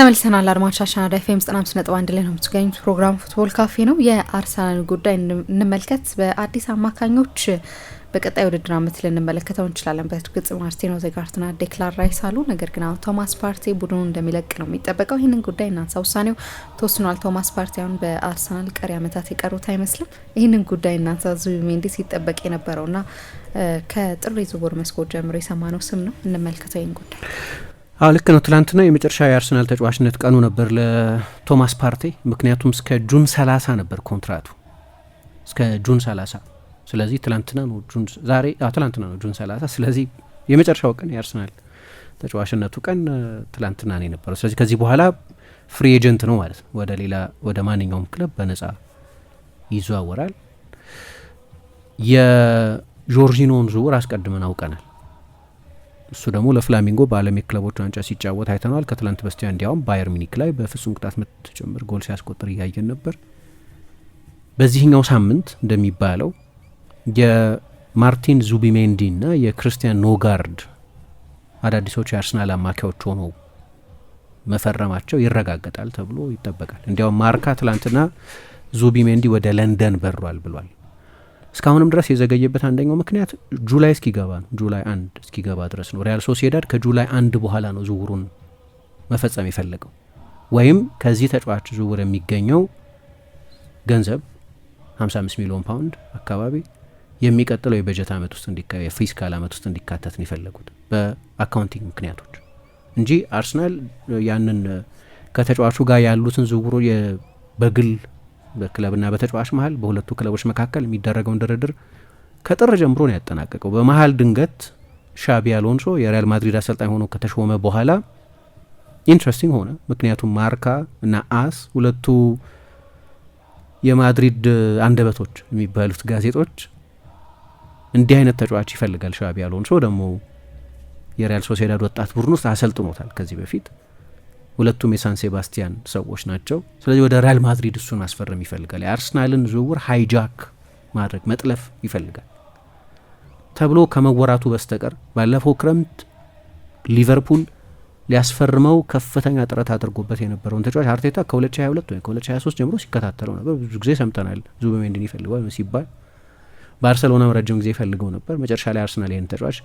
ተመልሰናል አድማጮቻችን፣ አራዳ ኤፍ ኤም ዘጠና አምስት ነጥብ አንድ ላይ ነው የምትገኙት። ፕሮግራም ፉትቦል ካፌ ነው። የአርሰናል ጉዳይ እንመልከት። በአዲስ አማካኞች በቀጣይ ውድድር አመት ልንመለከተው እንችላለን። በእርግጥ ማርቲኖ ዘጋርትና ዴክላን ራይስ አሉ። ነገር ግን አሁን ቶማስ ፓርቴ ቡድኑ እንደሚለቅ ነው የሚጠበቀው። ይህንን ጉዳይ እናንሳ፣ ውሳኔው ተወስኗል። ቶማስ ፓርቲ አሁን በአርሰናል ቀሪ አመታት የቀሩት አይመስልም። ይህንን ጉዳይ እናንሳ። ዙቢሜንዲ ሲጠበቅ የነበረውና ከጥር የዝውውር መስኮት ጀምሮ የሰማነው ስም ነው። እንመልከተው ይህን ጉዳይ አዎ ልክ ነው። ትላንትና የመጨረሻ የአርሰናል ተጫዋችነት ቀኑ ነበር ለቶማስ ፓርቴ። ምክንያቱም እስከ ጁን 30 ነበር ኮንትራቱ እስከ ጁን 30። ስለዚህ ትላንትና ነው ጁን ዛሬ ትላንትና ነው ጁን 30። ስለዚህ የመጨረሻው ቀን የአርሰናል ተጫዋችነቱ ቀን ትላንትና ነው የነበረው። ስለዚህ ከዚህ በኋላ ፍሪ ኤጀንት ነው ማለት ነው። ወደ ሌላ ወደ ማንኛውም ክለብ በነጻ ይዘዋወራል። የጆርጂኖን ዝውውር አስቀድመን አውቀናል። እሱ ደግሞ ለፍላሚንጎ በዓለም የክለቦች ዋንጫ ሲጫወት አይተነዋል። ከትላንት በስቲያ እንዲያውም ባየር ሚኒክ ላይ በፍጹም ቅጣት ምት ጭምር ጎል ሲያስቆጥር እያየን ነበር። በዚህኛው ሳምንት እንደሚባለው የማርቲን ዙቢሜንዲ እና የክርስቲያን ኖጋርድ አዳዲሶቹ የአርሰናል አማካዮች ሆነው መፈረማቸው ይረጋገጣል ተብሎ ይጠበቃል። እንዲያውም ማርካ ትላንትና ዙቢሜንዲ ወደ ለንደን በሯል ብሏል። እስካሁንም ድረስ የዘገየበት አንደኛው ምክንያት ጁላይ እስኪገባ ነው። ጁላይ አንድ እስኪገባ ድረስ ነው። ሪያል ሶሲዳድ ከጁላይ አንድ በኋላ ነው ዝውውሩን መፈጸም የፈለገው ወይም ከዚህ ተጫዋች ዝውውር የሚገኘው ገንዘብ 55 ሚሊዮን ፓውንድ አካባቢ የሚቀጥለው የበጀት አመት ውስጥ የፊስካል አመት ውስጥ እንዲካተት ነው የፈለጉት በአካውንቲንግ ምክንያቶች እንጂ አርሰናል ያንን ከተጫዋቹ ጋር ያሉትን ዝውውሩ በግል በክለብና በተጫዋች መሀል በሁለቱ ክለቦች መካከል የሚደረገውን ድርድር ከጥር ጀምሮ ነው ያጠናቀቀው። በመሀል ድንገት ሻቢ አሎንሶ የሪያል ማድሪድ አሰልጣኝ ሆኖ ከተሾመ በኋላ ኢንትረስቲንግ ሆነ። ምክንያቱም ማርካ እና አስ ሁለቱ የማድሪድ አንደበቶች የሚባሉት ጋዜጦች እንዲህ አይነት ተጫዋች ይፈልጋል ሻቢ አሎንሶ ደግሞ የሪያል ሶሴዳድ ወጣት ቡድን ውስጥ አሰልጥኖታል ከዚህ በፊት ሁለቱም የሳን ሴባስቲያን ሰዎች ናቸው። ስለዚህ ወደ ሪያል ማድሪድ እሱን ማስፈረም ይፈልጋል። የአርሰናልን ዝውውር ሃይጃክ ማድረግ መጥለፍ ይፈልጋል ተብሎ ከመወራቱ በስተቀር ባለፈው ክረምት ሊቨርፑል ሊያስፈርመው ከፍተኛ ጥረት አድርጎበት የነበረውን ተጫዋች አርቴታ ከ2022 ወይም ከ2023 ጀምሮ ሲከታተለው ነበር። ብዙ ጊዜ ሰምተናል። ዙቢሜንዲን ይፈልገዋል ሲባል፣ ባርሰሎናም ረጅም ጊዜ ይፈልገው ነበር። መጨረሻ ላይ አርሰናል ይህን ተጫዋች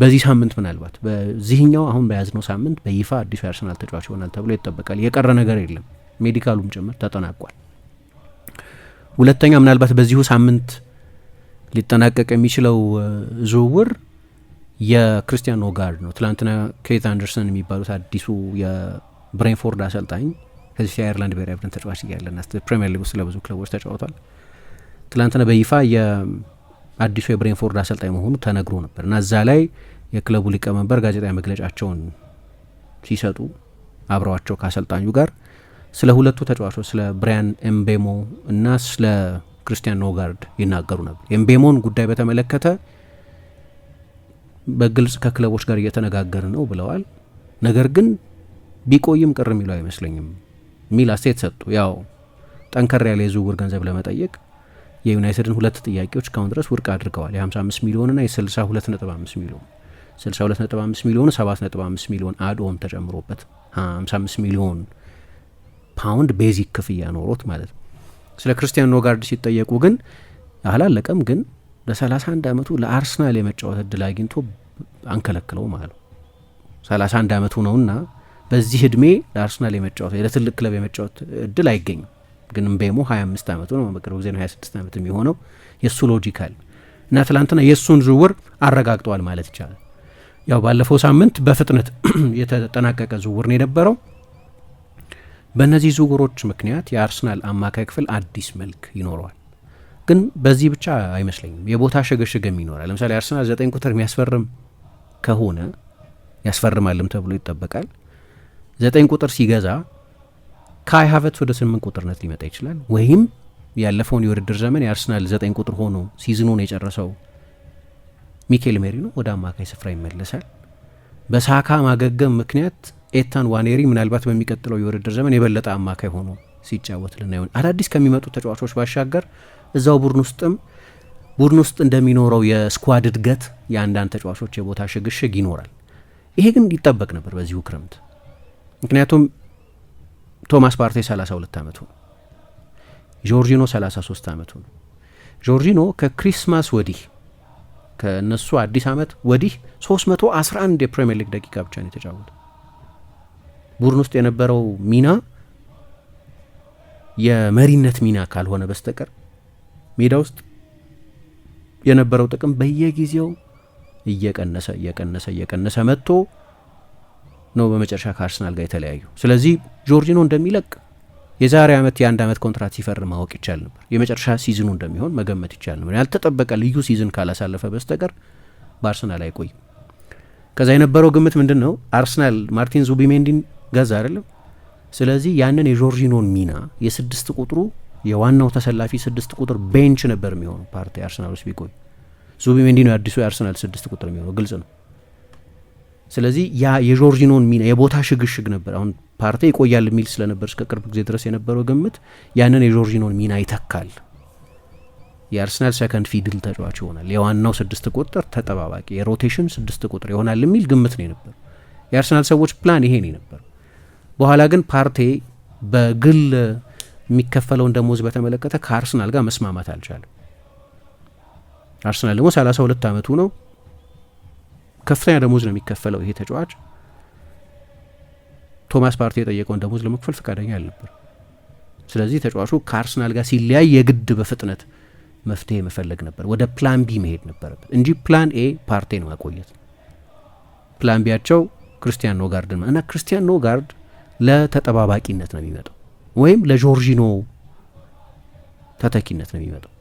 በዚህ ሳምንት ምናልባት በዚህኛው አሁን በያዝነው ሳምንት በይፋ አዲሱ የአርሰናል ተጫዋች ይሆናል ተብሎ ይጠበቃል። የቀረ ነገር የለም፣ ሜዲካሉም ጭምር ተጠናቋል። ሁለተኛ ምናልባት በዚሁ ሳምንት ሊጠናቀቅ የሚችለው ዝውውር የክርስቲያን ኖጋርድ ነው። ትላንትና ኬት አንደርሰን የሚባሉት አዲሱ የብሬንፎርድ አሰልጣኝ ከዚህ የአየርላንድ ብሔራዊ ቡድን ተጫዋች እያለና ፕሪምየር ሊግ ውስጥ ለብዙ ክለቦች ተጫውቷል። ትላንትና በይፋ አዲሱ የብሬንፎርድ አሰልጣኝ መሆኑ ተነግሮ ነበር እና እዛ ላይ የክለቡ ሊቀመንበር ጋዜጣዊ መግለጫቸውን ሲሰጡ አብረዋቸው ከአሰልጣኙ ጋር ስለ ሁለቱ ተጫዋቾች ስለ ብሪያን ኤምቤሞ እና ስለ ክርስቲያን ኖጋርድ ይናገሩ ነበር። ኤምቤሞን ጉዳይ በተመለከተ በግልጽ ከክለቦች ጋር እየተነጋገር ነው ብለዋል። ነገር ግን ቢቆይም ቅር የሚለው አይመስለኝም የሚል አስተያየት ሰጡ። ያው ጠንከር ያለ የዝውውር ገንዘብ ለመጠየቅ የዩናይትድን ሁለት ጥያቄዎች እስካሁን ድረስ ውድቅ አድርገዋል። የ55 ሚሊዮንና የ62.5 ሚሊዮን 62.5 ሚሊዮን 7.5 ሚሊዮን አድኦን ተጨምሮበት 55 ሚሊዮን ፓውንድ ቤዚክ ክፍያ ኖሮት ማለት ነው። ስለ ክርስቲያን ኖጋርድ ሲጠየቁ ግን አላለቀም፣ ግን ለ31 ዓመቱ ለአርሰናል የመጫወት እድል አግኝቶ አንከለክለው ማለት ነው። 31 ዓመቱ ነውና በዚህ እድሜ ለአርሰናል የመጫወት ለትልቅ ክለብ የመጫወት እድል አይገኝም። ግን ምቤሞ 25 ዓመቱ ነው። በቅርብ ጊዜ ነው 26 ዓመት የሚሆነው። የእሱ ሎጂካል እና ትላንትና የእሱን ዝውውር አረጋግጠዋል ማለት ይቻላል። ያው ባለፈው ሳምንት በፍጥነት የተጠናቀቀ ዝውውር ነው የነበረው። በእነዚህ ዝውውሮች ምክንያት የአርሰናል አማካይ ክፍል አዲስ መልክ ይኖረዋል። ግን በዚህ ብቻ አይመስለኝም፣ የቦታ ሽግሽግም ይኖራል። ለምሳሌ አርሰናል ዘጠኝ ቁጥር የሚያስፈርም ከሆነ ያስፈርማልም ተብሎ ይጠበቃል። ዘጠኝ ቁጥር ሲገዛ ካይ ሀቨርትዝ ወደ ስምንት ቁጥርነት ሊመጣ ይችላል ወይም ያለፈውን የውድድር ዘመን የአርሰናል ዘጠኝ ቁጥር ሆኖ ሲዝኑን የጨረሰው ሚኬል ሜሪኖ ወደ አማካይ ስፍራ ይመለሳል። በሳካ ማገገም ምክንያት ኤታን ዋኔሪ ምናልባት በሚቀጥለው የውድድር ዘመን የበለጠ አማካይ ሆኖ ሲጫወት ልናየሆን አዳዲስ ከሚመጡ ተጫዋቾች ባሻገር እዛው ቡድን ውስጥም ቡድን ውስጥ እንደሚኖረው የስኳድ እድገት የአንዳንድ ተጫዋቾች የቦታ ሽግሽግ ይኖራል። ይሄ ግን ይጠበቅ ነበር በዚሁ ክረምት ምክንያቱም ቶማስ ፓርቴ 32 ዓመቱ ነው። ጆርጂኖ 33 ዓመቱ ነው። ጆርጂኖ ከክሪስማስ ወዲህ ከእነሱ አዲስ ዓመት ወዲህ 311 የፕሪምየር ሊግ ደቂቃ ብቻ ነው የተጫወተ። ቡድን ውስጥ የነበረው ሚና የመሪነት ሚና ካልሆነ በስተቀር ሜዳ ውስጥ የነበረው ጥቅም በየጊዜው እየቀነሰ እየቀነሰ እየቀነሰ መጥቶ ነው በመጨረሻ ከአርሰናል ጋር የተለያዩ። ስለዚህ ጆርጂኖ እንደሚለቅ የዛሬ ዓመት የአንድ ዓመት ኮንትራት ሲፈርም ማወቅ ይቻል ነበር። የመጨረሻ ሲዝኑ እንደሚሆን መገመት ይቻል ነበር። ያልተጠበቀ ልዩ ሲዝን ካላሳለፈ በስተቀር በአርሰናል አይቆይም። ከዛ የነበረው ግምት ምንድን ነው? አርሰናል ማርቲን ዙቢሜንዲን ገዛ አይደለም። ስለዚህ ያንን የጆርጂኖን ሚና የስድስት ቁጥሩ የዋናው ተሰላፊ ስድስት ቁጥር ቤንች ነበር የሚሆኑ ፓርቲ አርሰናል ውስጥ ቢቆይ ዙቢሜንዲ ነው የአዲሱ የአርሰናል ስድስት ቁጥር የሚሆነው ግልጽ ነው። ስለዚህ ያ የጆርጂኖን ሚና የቦታ ሽግሽግ ነበር። አሁን ፓርቴ ይቆያል የሚል ስለነበር እስከ ቅርብ ጊዜ ድረስ የነበረው ግምት ያንን የጆርጂኖን ሚና ይተካል። የአርሰናል ሰከንድ ፊድል ተጫዋች ይሆናል፣ የዋናው ስድስት ቁጥር ተጠባባቂ፣ የሮቴሽን ስድስት ቁጥር ይሆናል የሚል ግምት ነው የነበሩ የአርሰናል ሰዎች ፕላን ይሄ ነው የነበሩ። በኋላ ግን ፓርቴ በግል የሚከፈለውን ደሞዝ በተመለከተ ከአርሰናል ጋር መስማማት አልቻለም። አርሰናል ደግሞ 32 ዓመቱ ነው። ከፍተኛ ደሞዝ ነው የሚከፈለው ይሄ ተጫዋች። ቶማስ ፓርቲ የጠየቀውን ደሞዝ ለመክፈል ፈቃደኛ አልነበር። ስለዚህ ተጫዋቹ ከአርሰናል ጋር ሲለያይ የግድ በፍጥነት መፍትሄ መፈለግ ነበር፣ ወደ ፕላን ቢ መሄድ ነበረበት እንጂ ፕላን ኤ ነው ማቆየት። ፕላን ቢያቸው ክርስቲያን ኖጋርድ እና ክርስቲያን ኖጋርድ ለተጠባባቂነት ነው የሚመጣው ወይም ለጆርጂኖ ተተኪነት ነው የሚመጣው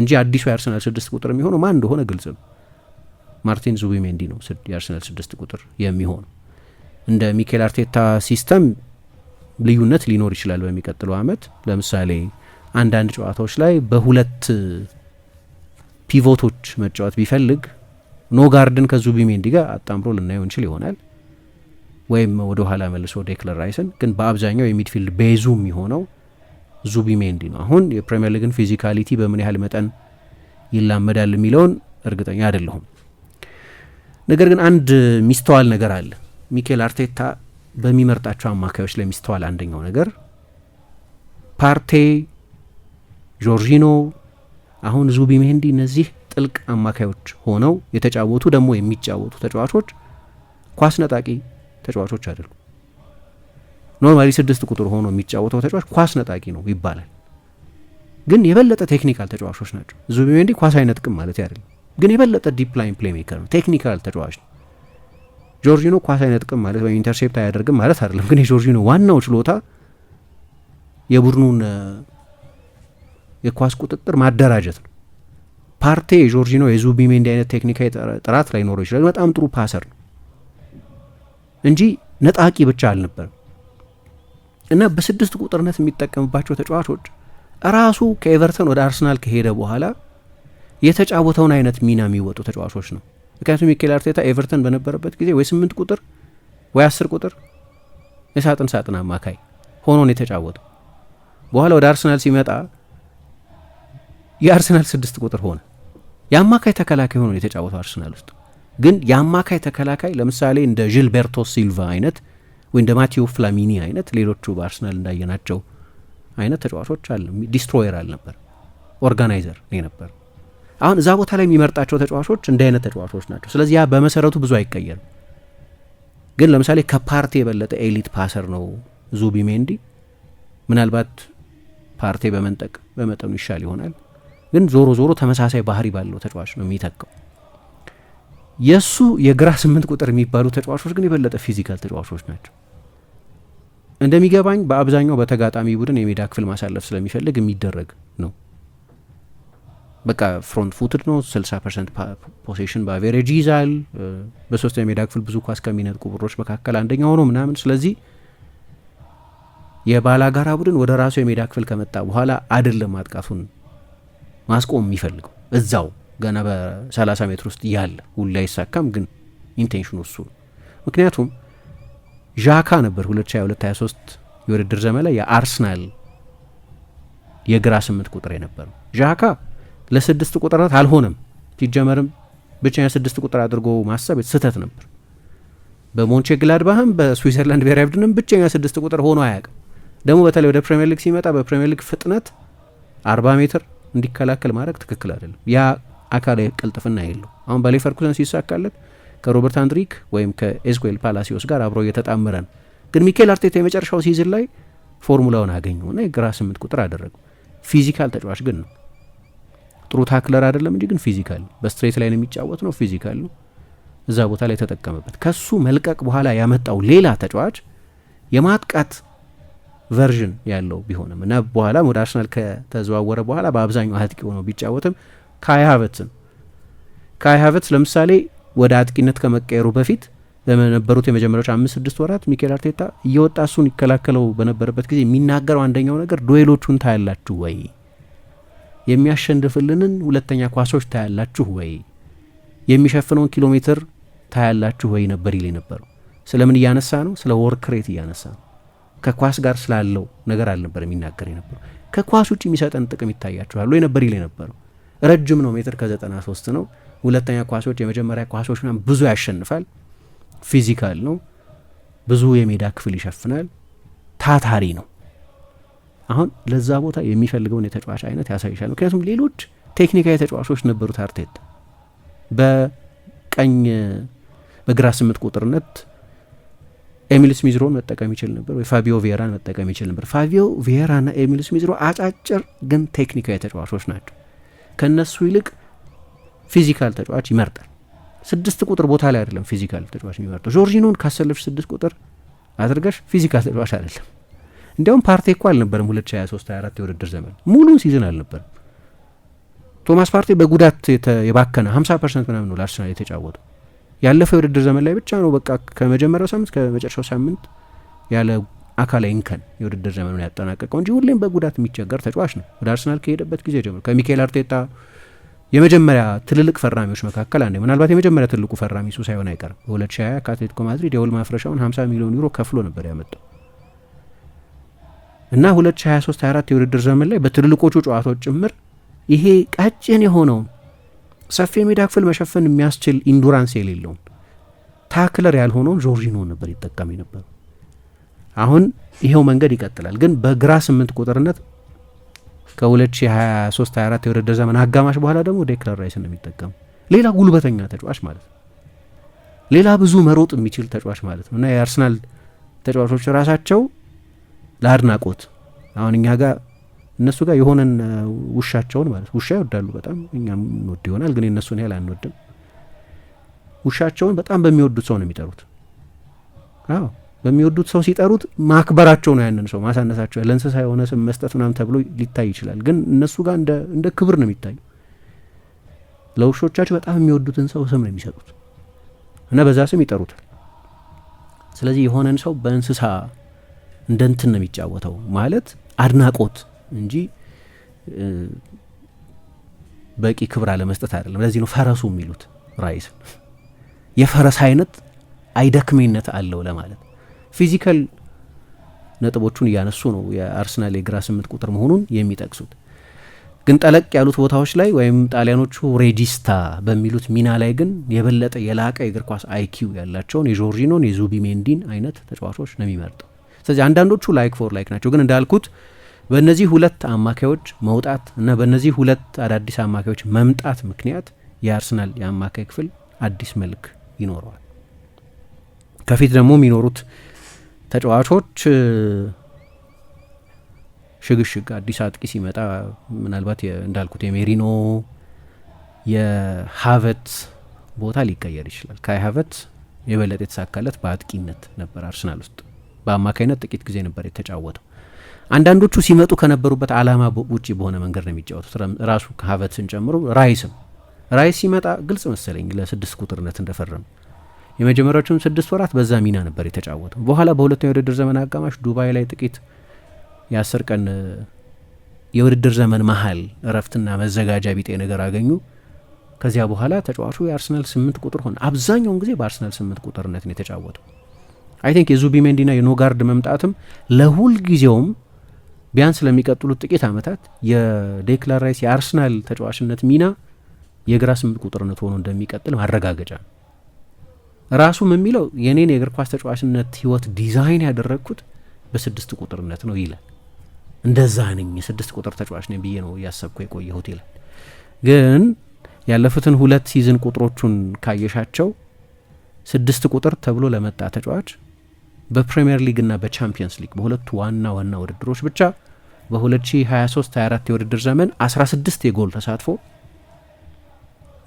እንጂ አዲሱ የአርሰናል ስድስት ቁጥር የሚሆነው ማን እንደሆነ ግልጽ ነው። ማርቲን ዙቢሜንዲ ነው የአርሰናል ስድስት ቁጥር የሚሆኑ እንደ ሚኬል አርቴታ ሲስተም ልዩነት ሊኖር ይችላል። በሚቀጥለው አመት ለምሳሌ አንዳንድ ጨዋታዎች ላይ በሁለት ፒቮቶች መጫወት ቢፈልግ ኖጋርድን ከዙቢሜንዲ ጋር አጣምሮ ልናየው እንችል ይሆናል ወይም ወደ ኋላ መልሶ ዴክለር ራይስን። ግን በአብዛኛው የሚድፊልድ ቤዙ የሚሆነው ዙቢሜንዲ ነው። አሁን የፕሪምየር ሊግን ፊዚካሊቲ በምን ያህል መጠን ይላመዳል የሚለውን እርግጠኛ አይደለሁም። ነገር ግን አንድ ሚስተዋል ነገር አለ። ሚኬል አርቴታ በሚመርጣቸው አማካዮች ላይ ሚስተዋል አንደኛው ነገር ፓርቴ፣ ጆርጂኖ፣ አሁን ዙቢ ሜንዲ እነዚህ ጥልቅ አማካዮች ሆነው የተጫወቱ ደግሞ የሚጫወቱ ተጫዋቾች ኳስ ነጣቂ ተጫዋቾች አይደሉ። ኖርማሊ ስድስት ቁጥር ሆኖ የሚጫወተው ተጫዋች ኳስ ነጣቂ ነው ይባላል፣ ግን የበለጠ ቴክኒካል ተጫዋቾች ናቸው። ዙቢሜንዲ ኳስ አይነጥቅም ማለት አይደለም። ግን የበለጠ ዲፕ ላይን ሜከር ነው። ቴክኒካል ተጫዋች ነው። ጆርጂኖ ኳስ አይነጥቅም ማለት ወይም ኢንተርሴፕት አያደርግም ማለት አይደለም። ግን የጆርጂኖ ዋናው ችሎታ የቡድኑን የኳስ ቁጥጥር ማደራጀት ነው። ፓርቴ የጆርጂኖ የዙቢሜንዲ አይነት ቴክኒካዊ ጥራት ላይኖረው ይችላል። በጣም ጥሩ ፓሰር ነው እንጂ ነጣቂ ብቻ አልነበርም። እና በስድስት ቁጥርነት የሚጠቀምባቸው ተጫዋቾች ራሱ ከኤቨርተን ወደ አርሰናል ከሄደ በኋላ የተጫወተውን አይነት ሚና የሚወጡ ተጫዋቾች ነው። ምክንያቱም ሚኬል አርቴታ ኤቨርተን በነበረበት ጊዜ ወይ ስምንት ቁጥር ወይ አስር ቁጥር የሳጥን ሳጥን አማካይ ሆኖ ነው የተጫወተው። በኋላ ወደ አርሰናል ሲመጣ የአርሰናል ስድስት ቁጥር ሆነ። የአማካይ ተከላካይ ሆኖ የተጫወተው አርሰናል ውስጥ ግን የአማካይ ተከላካይ ለምሳሌ እንደ ዥልቤርቶ ሲልቫ አይነት ወይ እንደ ማቴዎ ፍላሚኒ አይነት ሌሎቹ በአርሰናል እንዳየናቸው አይነት ተጫዋቾች አለ ዲስትሮየር አልነበር፣ ኦርጋናይዘር ነበር። አሁን እዛ ቦታ ላይ የሚመርጣቸው ተጫዋቾች እንደ አይነት ተጫዋቾች ናቸው። ስለዚህ ያ በመሰረቱ ብዙ አይቀየርም። ግን ለምሳሌ ከፓርቲ የበለጠ ኤሊት ፓሰር ነው ዙቢሜንዲ። ምናልባት ፓርቴ በመንጠቅ በመጠኑ ይሻል ይሆናል፣ ግን ዞሮ ዞሮ ተመሳሳይ ባህሪ ባለው ተጫዋች ነው የሚተካው። የእሱ የግራ ስምንት ቁጥር የሚባሉ ተጫዋቾች ግን የበለጠ ፊዚካል ተጫዋቾች ናቸው። እንደሚገባኝ በአብዛኛው በተጋጣሚ ቡድን የሜዳ ክፍል ማሳለፍ ስለሚፈልግ የሚደረግ ነው። በቃ ፍሮንት ፉትድ ነው። 60 ፐርሰንት ፖሴሽን በአቬሬጅ ይዛል። በሶስተኛ ሜዳ ክፍል ብዙ ኳስ ከሚነጥቁ ቡድኖች መካከል አንደኛው ነው ምናምን። ስለዚህ የባላጋራ ቡድን ወደ ራሱ የሜዳ ክፍል ከመጣ በኋላ አይደለም ማጥቃቱን ማስቆም የሚፈልገው እዛው ገና በ30 ሜትር ውስጥ ያለ ሁሉ አይሳካም፣ ግን ኢንቴንሽኑ እሱ ነው። ምክንያቱም ዣካ ነበር 2022/23 የውድድር ዘመን ላይ የአርሰናል የግራ ስምንት ቁጥር የነበረው ዣካ ለስድስት ቁጥራት አልሆነም። ሲጀመርም ብቸኛ ስድስት ቁጥር አድርጎ ማሰብ ስህተት ነበር። በሞንቼ ግላድባህም በስዊዘርላንድ ብሔራዊ ቡድንም ብቸኛ ስድስት ቁጥር ሆኖ አያውቅም። ደግሞ በተለይ ወደ ፕሪምየር ሊግ ሲመጣ በፕሪምየር ሊግ ፍጥነት አርባ ሜትር እንዲከላከል ማድረግ ትክክል አይደለም። ያ አካላዊ ቅልጥፍና የለው። አሁን በሌቨርኩዘን ሲሳካለት ከሮበርት አንድሪክ ወይም ከኤዝኩዌል ፓላሲዮስ ጋር አብሮ እየተጣመረ ነው። ግን ሚካኤል አርቴታ የመጨረሻው ሲዝን ላይ ፎርሙላውን እና የግራ ስምንት ቁጥር አደረገው። ፊዚካል ተጫዋች ግን ነው። ጥሩ ታክለር አይደለም እንጂ ግን ፊዚካል በስትሬት ላይ ነው የሚጫወት ነው፣ ፊዚካል ነው። እዛ ቦታ ላይ ተጠቀመበት። ከሱ መልቀቅ በኋላ ያመጣው ሌላ ተጫዋች የማጥቃት ቨርዥን ያለው ቢሆንም እና በኋላም ወደ አርሰናል ከተዘዋወረ በኋላ በአብዛኛው አጥቂ ሆኖ ቢጫወትም ካይ ሃቨርትዝ ነው። ካይ ለምሳሌ ወደ አጥቂነት ከመቀየሩ በፊት በነበሩት የመጀመሪያዎች አምስት ስድስት ወራት ሚኬል አርቴታ እየወጣ እሱን ይከላከለው በነበረበት ጊዜ የሚናገረው አንደኛው ነገር ዱዌሎቹን ታያላችሁ ወይ የሚያሸንፍልንን ሁለተኛ ኳሶች ታያላችሁ ወይ የሚሸፍነውን ኪሎ ሜትር ታያላችሁ ወይ ነበር ይል ነበረው። ስለምን እያነሳ ነው? ስለ ወርክሬት እያነሳ ነው። ከኳስ ጋር ስላለው ነገር አልነበር የሚናገር የነበረው። ከኳስ ውጭ የሚሰጠን ጥቅም ይታያችኋል ወይ ነበር ይል ነበረው። ረጅም ነው፣ ሜትር ከ93 ነው። ሁለተኛ ኳሶች፣ የመጀመሪያ ኳሶች ብዙ ያሸንፋል። ፊዚካል ነው። ብዙ የሜዳ ክፍል ይሸፍናል። ታታሪ ነው። አሁን ለዛ ቦታ የሚፈልገውን የተጫዋች አይነት ያሳይሻል። ምክንያቱም ሌሎች ቴክኒካዊ ተጫዋቾች ነበሩት አርቴታ በቀኝ በግራ ስምንት ቁጥርነት ኤሚል ስሚዝሮን መጠቀም ይችል ነበር፣ ወይ ፋቢዮ ቬራን መጠቀም ይችል ነበር። ፋቢዮ ቬራና ኤሚል ስሚዝሮ አጫጭር ግን ቴክኒካዊ ተጫዋቾች ናቸው። ከእነሱ ይልቅ ፊዚካል ተጫዋች ይመርጣል። ስድስት ቁጥር ቦታ ላይ አይደለም ፊዚካል ተጫዋች የሚመርጠው። ጆርጂኖን ካሰለፍሽ ስድስት ቁጥር አድርገሽ ፊዚካል ተጫዋች አይደለም እንዲያውም ፓርቴ እኮ አልነበርም 2023 24 የውድድር ዘመን ሙሉን ሲዝን አልነበርም። ቶማስ ፓርቴ በጉዳት የባከነ 50 ፐርሰንት ምናምን ነው ለአርሰናል የተጫወቱ ያለፈው የውድድር ዘመን ላይ ብቻ ነው በቃ ከመጀመሪያው ሳምንት ከመጨረሻው ሳምንት ያለ አካላዊ እንከን የውድድር ዘመኑን ያጠናቀቀው እንጂ ሁሌም በጉዳት የሚቸገር ተጫዋች ነው። ወደ አርሰናል ከሄደበት ጊዜ ጀምሮ ከሚካኤል አርቴታ የመጀመሪያ ትልልቅ ፈራሚዎች መካከል አንዱ ምናልባት የመጀመሪያ ትልቁ ፈራሚ እሱ ሳይሆን አይቀርም። በ2020 ከአትሌቲኮ ማድሪድ የውል ማፍረሻውን 50 ሚሊዮን ዩሮ ከፍሎ ነበር ያመጣው። እና 2023/24 የውድድር ዘመን ላይ በትልልቆቹ ጨዋታዎች ጭምር ይሄ ቀጭን የሆነውን ሰፊ የሜዳ ክፍል መሸፈን የሚያስችል ኢንዱራንስ የሌለውን ታክለር ያልሆነውን ጆርዥኖ ነበር ይጠቀም ነበር። አሁን ይሄው መንገድ ይቀጥላል፣ ግን በግራ ስምንት ቁጥርነት ከ2023/24 የውድድር ዘመን አጋማሽ በኋላ ደግሞ ዴክለር ራይስን የሚጠቀሙ ሌላ ጉልበተኛ ተጫዋች ማለት ነው። ሌላ ብዙ መሮጥ የሚችል ተጫዋች ማለት ነው እና የአርሰናል ተጫዋቾች ራሳቸው ለአድናቆት አሁን እኛ ጋር እነሱ ጋር የሆነን ውሻቸውን ማለት ውሻ ይወዳሉ በጣም እኛም እንወድ ይሆናል ግን የእነሱን ያህል አንወድም። ውሻቸውን በጣም በሚወዱት ሰው ነው የሚጠሩት። አዎ በሚወዱት ሰው ሲጠሩት ማክበራቸው ነው ያንን ሰው ማሳነሳቸው፣ ለእንስሳ የሆነ ስም መስጠት ምናምን ተብሎ ሊታይ ይችላል። ግን እነሱ ጋር እንደ ክብር ነው የሚታዩ። ለውሾቻቸው በጣም የሚወዱትን ሰው ስም ነው የሚሰጡት እና በዛ ስም ይጠሩታል። ስለዚህ የሆነን ሰው በእንስሳ እንደ እንትን ነው የሚጫወተው ማለት አድናቆት እንጂ በቂ ክብር አለመስጠት አይደለም። ለዚህ ነው ፈረሱ የሚሉት ራይስ የፈረስ አይነት አይደክሜነት አለው ለማለት ፊዚካል ነጥቦቹን እያነሱ ነው የአርሰናል የግራ ስምንት ቁጥር መሆኑን የሚጠቅሱት። ግን ጠለቅ ያሉት ቦታዎች ላይ ወይም ጣሊያኖቹ ሬጂስታ በሚሉት ሚና ላይ ግን የበለጠ የላቀ የእግር ኳስ አይኪው ያላቸውን የጆርጂኖን የዙቢሜንዲን አይነት ተጫዋቾች ነው የሚመርጠው። ስለዚህ አንዳንዶቹ ላይክ ፎር ላይክ ናቸው። ግን እንዳልኩት በእነዚህ ሁለት አማካዮች መውጣት እና በእነዚህ ሁለት አዳዲስ አማካዮች መምጣት ምክንያት የአርሰናል የአማካይ ክፍል አዲስ መልክ ይኖረዋል። ከፊት ደግሞ የሚኖሩት ተጫዋቾች ሽግሽግ አዲስ አጥቂ ሲመጣ ምናልባት እንዳልኩት የሜሪኖ የሀቨት ቦታ ሊቀየር ይችላል። ካይ ሀቨት የበለጠ የተሳካለት በአጥቂነት ነበር አርሰናል ውስጥ በአማካይነት ጥቂት ጊዜ ነበር የተጫወተው። አንዳንዶቹ ሲመጡ ከነበሩበት አላማ ውጭ በሆነ መንገድ ነው የሚጫወቱት። ራሱ ሀቨርትዝን ጨምሮ ራይስም ራይስ ሲመጣ ግልጽ መሰለኝ ለስድስት ቁጥርነት እንደፈረም የመጀመሪያዎቹን ስድስት ወራት በዛ ሚና ነበር የተጫወተው። በኋላ በሁለተኛ የውድድር ዘመን አጋማሽ ዱባይ ላይ ጥቂት የአስር ቀን የውድድር ዘመን መሀል እረፍትና መዘጋጃ ቢጤ ነገር አገኙ። ከዚያ በኋላ ተጫዋቹ የአርሰናል ስምንት ቁጥር ሆነ። አብዛኛውን ጊዜ በአርሰናል ስምንት ቁጥርነት ነው የተጫወተው። አይ ቲንክ የዙቢሜንዲና የኖጋርድ መምጣትም ለሁልጊዜውም ቢያንስ ለሚቀጥሉት ጥቂት ዓመታት የዴክላን ራይስ የአርሰናል ተጫዋችነት ሚና የግራ ስምንት ቁጥርነት ሆኖ እንደሚቀጥል ማረጋገጫ ነው። ራሱም የሚለው የኔን የእግር ኳስ ተጫዋችነት ህይወት ዲዛይን ያደረግኩት በስድስት ቁጥርነት ነው ይላል። እንደዛ ነኝ የስድስት ቁጥር ተጫዋች ነኝ ብዬ ነው እያሰብኩ የቆየሁት ይላል። ግን ያለፉትን ሁለት ሲዝን ቁጥሮቹን ካየሻቸው ስድስት ቁጥር ተብሎ ለመጣ ተጫዋች በፕሪምየር ና በቻምፒየንስ ሊግ በሁለቱ ዋና ዋና ውድድሮች ብቻ በ2023/24 የውድድር ዘመን 16 የጎል ተሳትፎ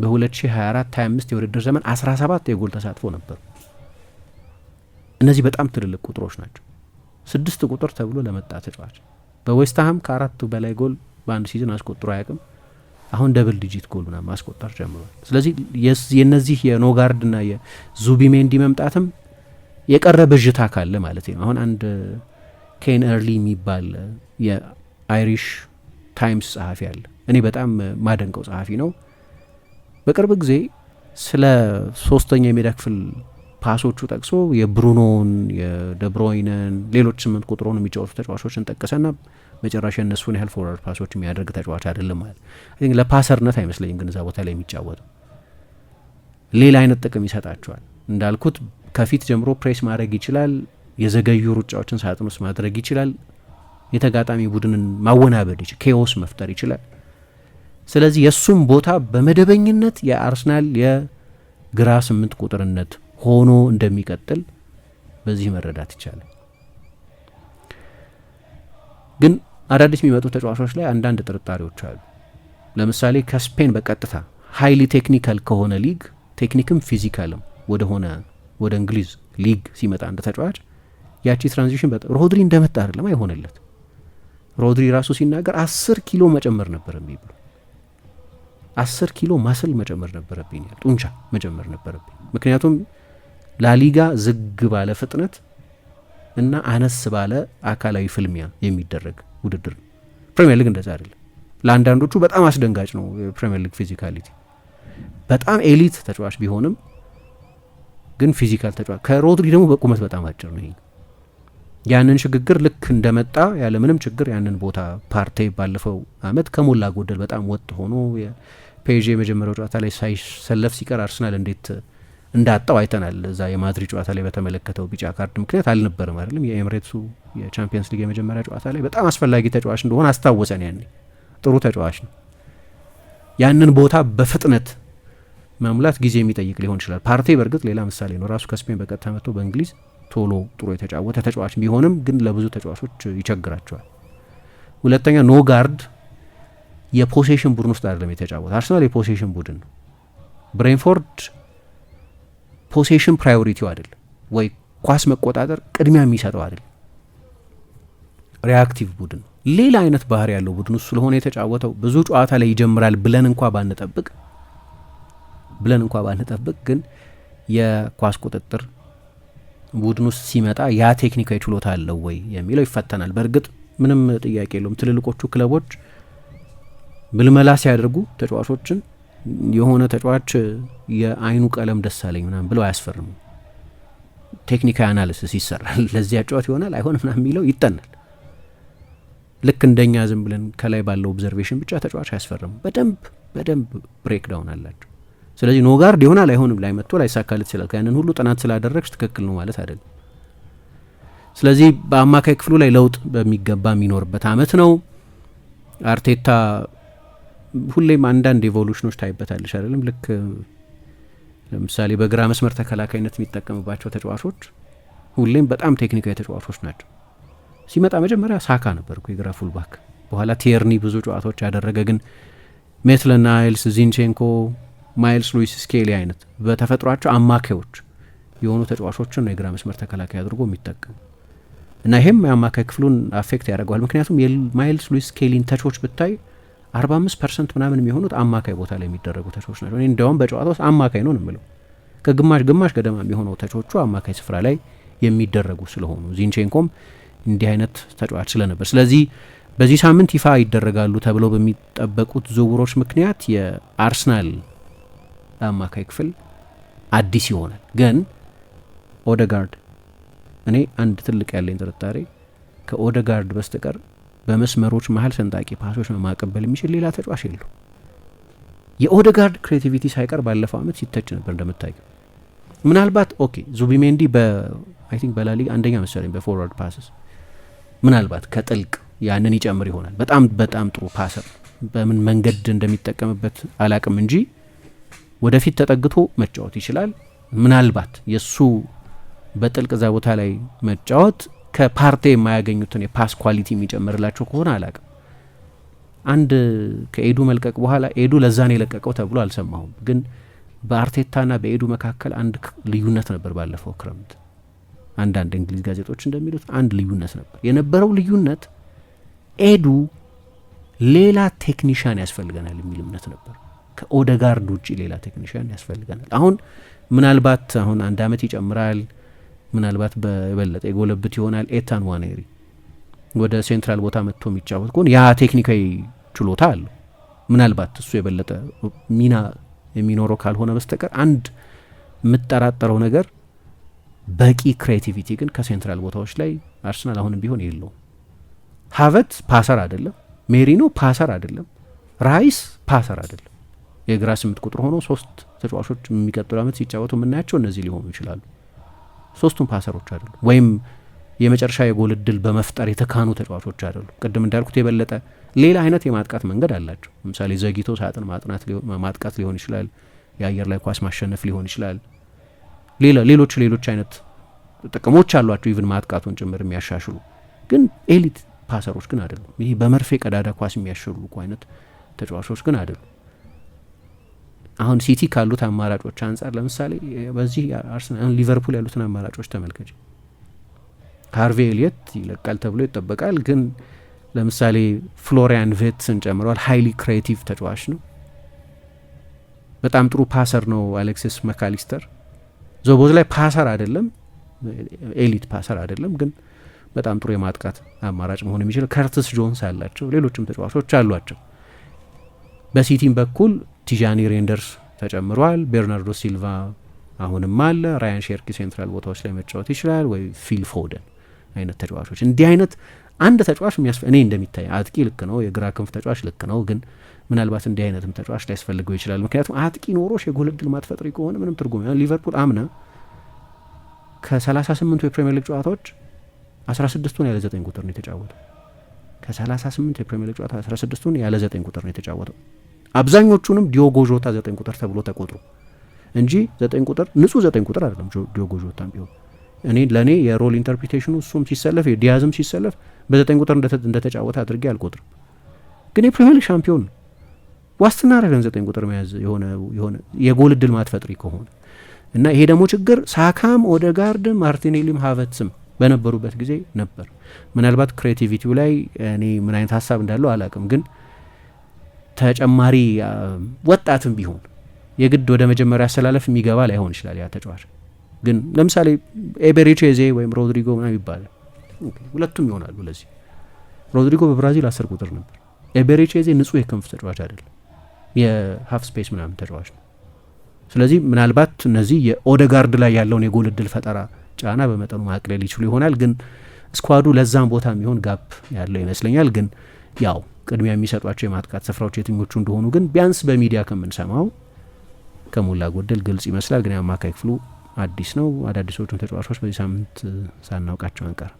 በ2024/25 የውድድር ዘመን 17 የጎል ተሳትፎ ነበሩ። እነዚህ በጣም ትልልቅ ቁጥሮች ናቸው። ስድስት ቁጥር ተብሎ ለመጣ ተጫዋች በዌስትሃም ከአራቱ በላይ ጎል በአንድ ሲዝን አስቆጥሮ አያውቅም። አሁን ደብል ዲጂት ጎሉና ማስቆጠር ጀምሯል። ስለዚህ የነዚህ ና የዙቢሜንዲ መምጣትም የቀረ ብዥታ ካለ ማለት ነው። አሁን አንድ ኬን ኤርሊ የሚባል የአይሪሽ ታይምስ ጸሐፊ አለ። እኔ በጣም ማደንቀው ጸሐፊ ነው። በቅርብ ጊዜ ስለ ሶስተኛ የሜዳ ክፍል ፓሶቹ ጠቅሶ የብሩኖን፣ የደብሮይነን ሌሎች ስምንት ቁጥሮን የሚጫወቱ ተጫዋቾችን ጠቀሰና መጨረሻ እነሱን ያህል ፎርዋርድ ፓሶች የሚያደርግ ተጫዋች አይደለም ማለት ለፓሰርነት አይመስለኝም። ግን እዛ ቦታ ላይ የሚጫወተው ሌላ አይነት ጥቅም ይሰጣቸዋል እንዳልኩት ከፊት ጀምሮ ፕሬስ ማድረግ ይችላል። የዘገዩ ሩጫዎችን ሳጥን ውስጥ ማድረግ ይችላል። የተጋጣሚ ቡድንን ማወናበድ ይችላል። ኬዎስ መፍጠር ይችላል። ስለዚህ የእሱም ቦታ በመደበኝነት የአርሰናል የግራ ስምንት ቁጥርነት ሆኖ እንደሚቀጥል በዚህ መረዳት ይቻላል። ግን አዳዲስ የሚመጡ ተጫዋቾች ላይ አንዳንድ ጥርጣሬዎች አሉ። ለምሳሌ ከስፔን በቀጥታ ሀይሊ ቴክኒካል ከሆነ ሊግ ቴክኒክም ፊዚካልም ወደሆነ ወደ እንግሊዝ ሊግ ሲመጣ እንደ ተጫዋች ያቺ ትራንዚሽን በጣም ሮድሪ እንደመጣ አይደለም አይሆነለት። ሮድሪ ራሱ ሲናገር አስር ኪሎ መጨመር ነበረብኝ ብሎ አስር ኪሎ ማስል መጨመር ነበረብኝ ያል ጡንቻ መጨመር ነበረብኝ። ምክንያቱም ላሊጋ ዝግ ባለ ፍጥነት እና አነስ ባለ አካላዊ ፍልሚያ የሚደረግ ውድድር ነው። ፕሪሚየር ሊግ እንደዛ አይደለም። ለአንዳንዶቹ በጣም አስደንጋጭ ነው። ፕሪሚየር ሊግ ፊዚካሊቲ በጣም ኤሊት ተጫዋች ቢሆንም ግን ፊዚካል ተጫዋች ከሮድሪ ደግሞ በቁመት በጣም አጭር ነው። ያንን ሽግግር ልክ እንደመጣ ያለ ምንም ችግር ያንን ቦታ ፓርቴ ባለፈው አመት ከሞላ ጎደል በጣም ወጥ ሆኖ ፔጅ የመጀመሪያው ጨዋታ ላይ ሳይሰለፍ ሲቀር አርስናል እንዴት እንዳጣው አይተናል። እዛ የማድሪድ ጨዋታ ላይ በተመለከተው ቢጫ ካርድ ምክንያት አልነበርም አይደለም። የኤምሬትሱ የቻምፒየንስ ሊግ የመጀመሪያ ጨዋታ ላይ በጣም አስፈላጊ ተጫዋች እንደሆነ አስታወሰን። ያኔ ጥሩ ተጫዋች ነው። ያንን ቦታ በፍጥነት መሙላት ጊዜ የሚጠይቅ ሊሆን ይችላል። ፓርቴ በእርግጥ ሌላ ምሳሌ ነው። ራሱ ከስፔን በቀጥታ መጥቶ በእንግሊዝ ቶሎ ጥሩ የተጫወተ ተጫዋች ቢሆንም ግን ለብዙ ተጫዋቾች ይቸግራቸዋል። ሁለተኛ ኖጋርድ የፖሴሽን ቡድን ውስጥ አይደለም የተጫወተ። አርሰናል የፖሴሽን ቡድን ነው። ብሬንፎርድ ፖሴሽን ፕራዮሪቲው አይደል ወይ ኳስ መቆጣጠር ቅድሚያ የሚሰጠው አይደል፣ ሪያክቲቭ ቡድን ሌላ አይነት ባህሪ ያለው ቡድን ስለሆነ የተጫወተው ብዙ ጨዋታ ላይ ይጀምራል ብለን እንኳ ባንጠብቅ ብለን እንኳ ባንጠብቅ ግን የኳስ ቁጥጥር ቡድን ውስጥ ሲመጣ ያ ቴክኒካዊ ችሎታ አለው ወይ የሚለው ይፈተናል። በእርግጥ ምንም ጥያቄ የለውም። ትልልቆቹ ክለቦች ምልመላ ሲያደርጉ ተጫዋቾችን የሆነ ተጫዋች የአይኑ ቀለም ደስ አለኝ ምናምን ብለው አያስፈርሙ። ቴክኒካዊ አናልስስ ይሰራል። ለዚህ ጨዋት ይሆናል አይሆን ምናምን የሚለው ይጠናል። ልክ እንደኛ ዝም ብለን ከላይ ባለው ኦብዘርቬሽን ብቻ ተጫዋች አያስፈርሙ። በደንብ በደንብ ብሬክ አላቸው። ስለዚህ ኖ ጋርድ ይሆናል አይሆንም ላይ መጥቶ ሳካለት ይችላል። ያንን ሁሉ ጥናት ስላደረግሽ ትክክል ነው ማለት አይደለም። ስለዚህ በአማካይ ክፍሉ ላይ ለውጥ በሚገባ የሚኖርበት አመት ነው። አርቴታ ሁሌም አንዳንድ ኤቮሉሽኖች ታይበታለሽ አይደለም። ልክ ለምሳሌ በግራ መስመር ተከላካይነት የሚጠቀምባቸው ተጫዋቾች ሁሌም በጣም ቴክኒካዊ ተጫዋቾች ናቸው። ሲመጣ መጀመሪያ ሳካ ነበር እኮ የግራ ፉልባክ፣ በኋላ ቴርኒ ብዙ ጨዋታዎች ያደረገ ግን ሜትለን ናይልስ፣ ዚንቼንኮ ማይልስ ሉዊስ ስኬሊ አይነት በተፈጥሯቸው አማካዮች የሆኑ ተጫዋቾችን ነው የግራ መስመር ተከላካይ አድርጎ የሚጠቀሙ እና ይሄም የአማካይ ክፍሉን አፌክት ያደርገዋል። ምክንያቱም የማይልስ ሉዊስ ስኬሊን ተቾች ብታይ 45 ፐርሰንት ምናምን የሚሆኑት አማካይ ቦታ ላይ የሚደረጉ ተቾች ናቸው። እንዲያውም በጨዋታ ውስጥ አማካይ ነው ንምለው ከግማሽ ግማሽ ገደማ የሚሆነው ተቾቹ አማካይ ስፍራ ላይ የሚደረጉ ስለሆኑ ዚንቼንኮም እንዲህ አይነት ተጫዋች ስለነበር ስለዚህ በዚህ ሳምንት ይፋ ይደረጋሉ ተብለው በሚጠበቁት ዝውውሮች ምክንያት የአርሰናል አማካይ ክፍል አዲስ ይሆናል። ግን ኦደጋርድ እኔ አንድ ትልቅ ያለኝ ጥርጣሬ ከኦደጋርድ በስተቀር በመስመሮች መሀል ሰንጣቂ ፓሶች ማቀበል የሚችል ሌላ ተጫዋች የለው። የኦደጋርድ ክሬቲቪቲ ሳይቀር ባለፈው አመት ሲተች ነበር እንደምታየው። ምናልባት ኦኬ ዙቢሜንዲ በአይ ቲንክ በላሊ አንደኛ መሰለኝ በፎርዋርድ ፓስስ ምናልባት ከጥልቅ ያንን ይጨምር ይሆናል። በጣም በጣም ጥሩ ፓሰር፣ በምን መንገድ እንደሚጠቀምበት አላቅም እንጂ ወደፊት ተጠግቶ መጫወት ይችላል። ምናልባት የእሱ በጥልቅ እዛ ቦታ ላይ መጫወት ከፓርቴ የማያገኙትን የፓስ ኳሊቲ የሚጨምርላቸው ከሆነ አላቅም። አንድ ከኤዱ መልቀቅ በኋላ ኤዱ ለዛን የለቀቀው ተብሎ አልሰማሁም፣ ግን በአርቴታና በኤዱ መካከል አንድ ልዩነት ነበር። ባለፈው ክረምት አንዳንድ እንግሊዝ ጋዜጦች እንደሚሉት አንድ ልዩነት ነበር። የነበረው ልዩነት ኤዱ ሌላ ቴክኒሽያን ያስፈልገናል የሚል እምነት ነበር። ከኦደጋርድ ውጭ ሌላ ቴክኒሽያን ያስፈልገናል። አሁን ምናልባት አሁን አንድ አመት ይጨምራል፣ ምናልባት በበለጠ የጎለብት ይሆናል። ኤታን ዋኔሪ ወደ ሴንትራል ቦታ መጥቶ የሚጫወት ከሆነ ያ ቴክኒካዊ ችሎታ አለው። ምናልባት እሱ የበለጠ ሚና የሚኖረው ካልሆነ በስተቀር አንድ የምጠራጠረው ነገር በቂ ክሬቲቪቲ ግን ከሴንትራል ቦታዎች ላይ አርሰናል አሁንም ቢሆን የለውም። ሀቨት ፓሰር አይደለም፣ ሜሪኖ ፓሰር አይደለም፣ ራይስ ፓሰር አይደለም። የግራ ስምንት ቁጥር ሆኖ ሶስት ተጫዋቾች የሚቀጥሉ ዓመት ሲጫወቱ የምናያቸው እነዚህ ሊሆኑ ይችላሉ። ሶስቱም ፓሰሮች አይደሉ ወይም የመጨረሻ የጎል እድል በመፍጠር የተካኑ ተጫዋቾች አይደሉ። ቅድም እንዳልኩት የበለጠ ሌላ አይነት የማጥቃት መንገድ አላቸው። ለምሳሌ ዘግይቶ ሳጥን ማጥቃት ሊሆን ይችላል፣ የአየር ላይ ኳስ ማሸነፍ ሊሆን ይችላል። ሌሎች ሌሎች አይነት ጥቅሞች አሏቸው፣ ኢቭን ማጥቃቱን ጭምር የሚያሻሽሉ ግን ኤሊት ፓሰሮች ግን አይደሉም። ይህ በመርፌ ቀዳዳ ኳስ የሚያሸልቁ አይነት ተጫዋቾች ግን አይደሉም። አሁን ሲቲ ካሉት አማራጮች አንጻር ለምሳሌ በዚህ አርሰናል ሊቨርፑል ያሉትን አማራጮች ተመልከች። ሃርቬ ኤልየት ይለቃል ተብሎ ይጠበቃል፣ ግን ለምሳሌ ፍሎሪያን ቬትስን ጨምረዋል። ሀይሊ ክሬቲቭ ተጫዋች ነው። በጣም ጥሩ ፓሰር ነው። አሌክሲስ መካሊስተር ዞቦዝ ላይ ፓሰር አይደለም፣ ኤሊት ፓሰር አይደለም፣ ግን በጣም ጥሩ የማጥቃት አማራጭ መሆን የሚችል ከርትስ ጆንስ አላቸው። ሌሎችም ተጫዋቾች አሏቸው። በሲቲም በኩል ቲዣኒ ሬንደርስ ተጨምሯል። ቤርናርዶ ሲልቫ አሁንም አለ። ራያን ሼርኪ ሴንትራል ቦታዎች ላይ መጫወት ይችላል፣ ወይ ፊል ፎደን አይነት ተጫዋቾች። እንዲህ አይነት አንድ ተጫዋች እኔ እንደሚታይ አጥቂ ልክ ነው፣ የግራ ክንፍ ተጫዋች ልክ ነው፣ ግን ምናልባት እንዲህ አይነትም ተጫዋች ሊያስፈልገው ይችላል። ምክንያቱም አጥቂ ኖሮሽ የጎል እድል ማትፈጥሪ ከሆነ ምንም ትርጉም ያ ሊቨርፑል አምና ከሰላሳ ስምንቱ የፕሪሚየር ሊግ ጨዋታዎች አስራ ስድስቱን ያለ ዘጠኝ ቁጥር ነው የተጫወተው። ከሰላሳ ስምንቱ የፕሪሚየር ሊግ ጨዋታ አስራ ስድስቱን ያለ ዘጠኝ ቁጥር ነው የተጫወተው። አብዛኞቹንም ዲዮጎ ዘጠኝ ቁጥር ተብሎ ተቆጥሮ እንጂ ዘጠኝ ቁጥር ንጹህ ዘጠኝ ቁጥር አይደለም። ዲዮጎ ዦታም ቢሆን እኔ ለእኔ የሮል ኢንተርፕሬቴሽኑ እሱም ሲሰለፍ ዲያዝም ሲሰለፍ በዘጠኝ ቁጥር እንደተጫወተ አድርጌ አልቆጥርም። ግን የፕሪሚየር ሊግ ሻምፒዮን ዋስትና አደረገን ዘጠኝ ቁጥር መያዝ የሆነ የሆነ የጎል እድል ማትፈጥሪ ከሆነ እና ይሄ ደግሞ ችግር ሳካም ጋርድ ማርቲኔሊም ሀቨትስም በነበሩበት ጊዜ ነበር። ምናልባት ክሬቲቪቲው ላይ እኔ ምን አይነት ሀሳብ እንዳለው አላውቅም ግን ተጨማሪ ወጣትም ቢሆን የግድ ወደ መጀመሪያ አሰላለፍ የሚገባ ላይሆን ይችላል። ያ ተጫዋች ግን ለምሳሌ ኤቤሬቼዜ ወይም ሮድሪጎ ምናምን ይባላል። ሁለቱም ይሆናሉ። ለዚህ ሮድሪጎ በብራዚል አስር ቁጥር ነበር። ኤቤሬቼዜ ንጹህ የክንፍ ተጫዋች አይደለም፣ የሀፍ ስፔስ ምናምን ተጫዋች ነው። ስለዚህ ምናልባት እነዚህ የኦደጋርድ ላይ ያለውን የጎል እድል ፈጠራ ጫና በመጠኑ ማቅለል ይችሉ ይሆናል። ግን ስኳዱ ለዛም ቦታ የሚሆን ጋፕ ያለው ይመስለኛል። ግን ያው ቅድሚያ የሚሰጧቸው የማጥቃት ስፍራዎች የትኞቹ እንደሆኑ ግን ቢያንስ በሚዲያ ከምንሰማው ከሞላ ጎደል ግልጽ ይመስላል። ግን አማካይ ክፍሉ አዲስ ነው። አዳዲሶቹን ተጫዋቾች በዚህ ሳምንት ሳናውቃቸው አንቀርም።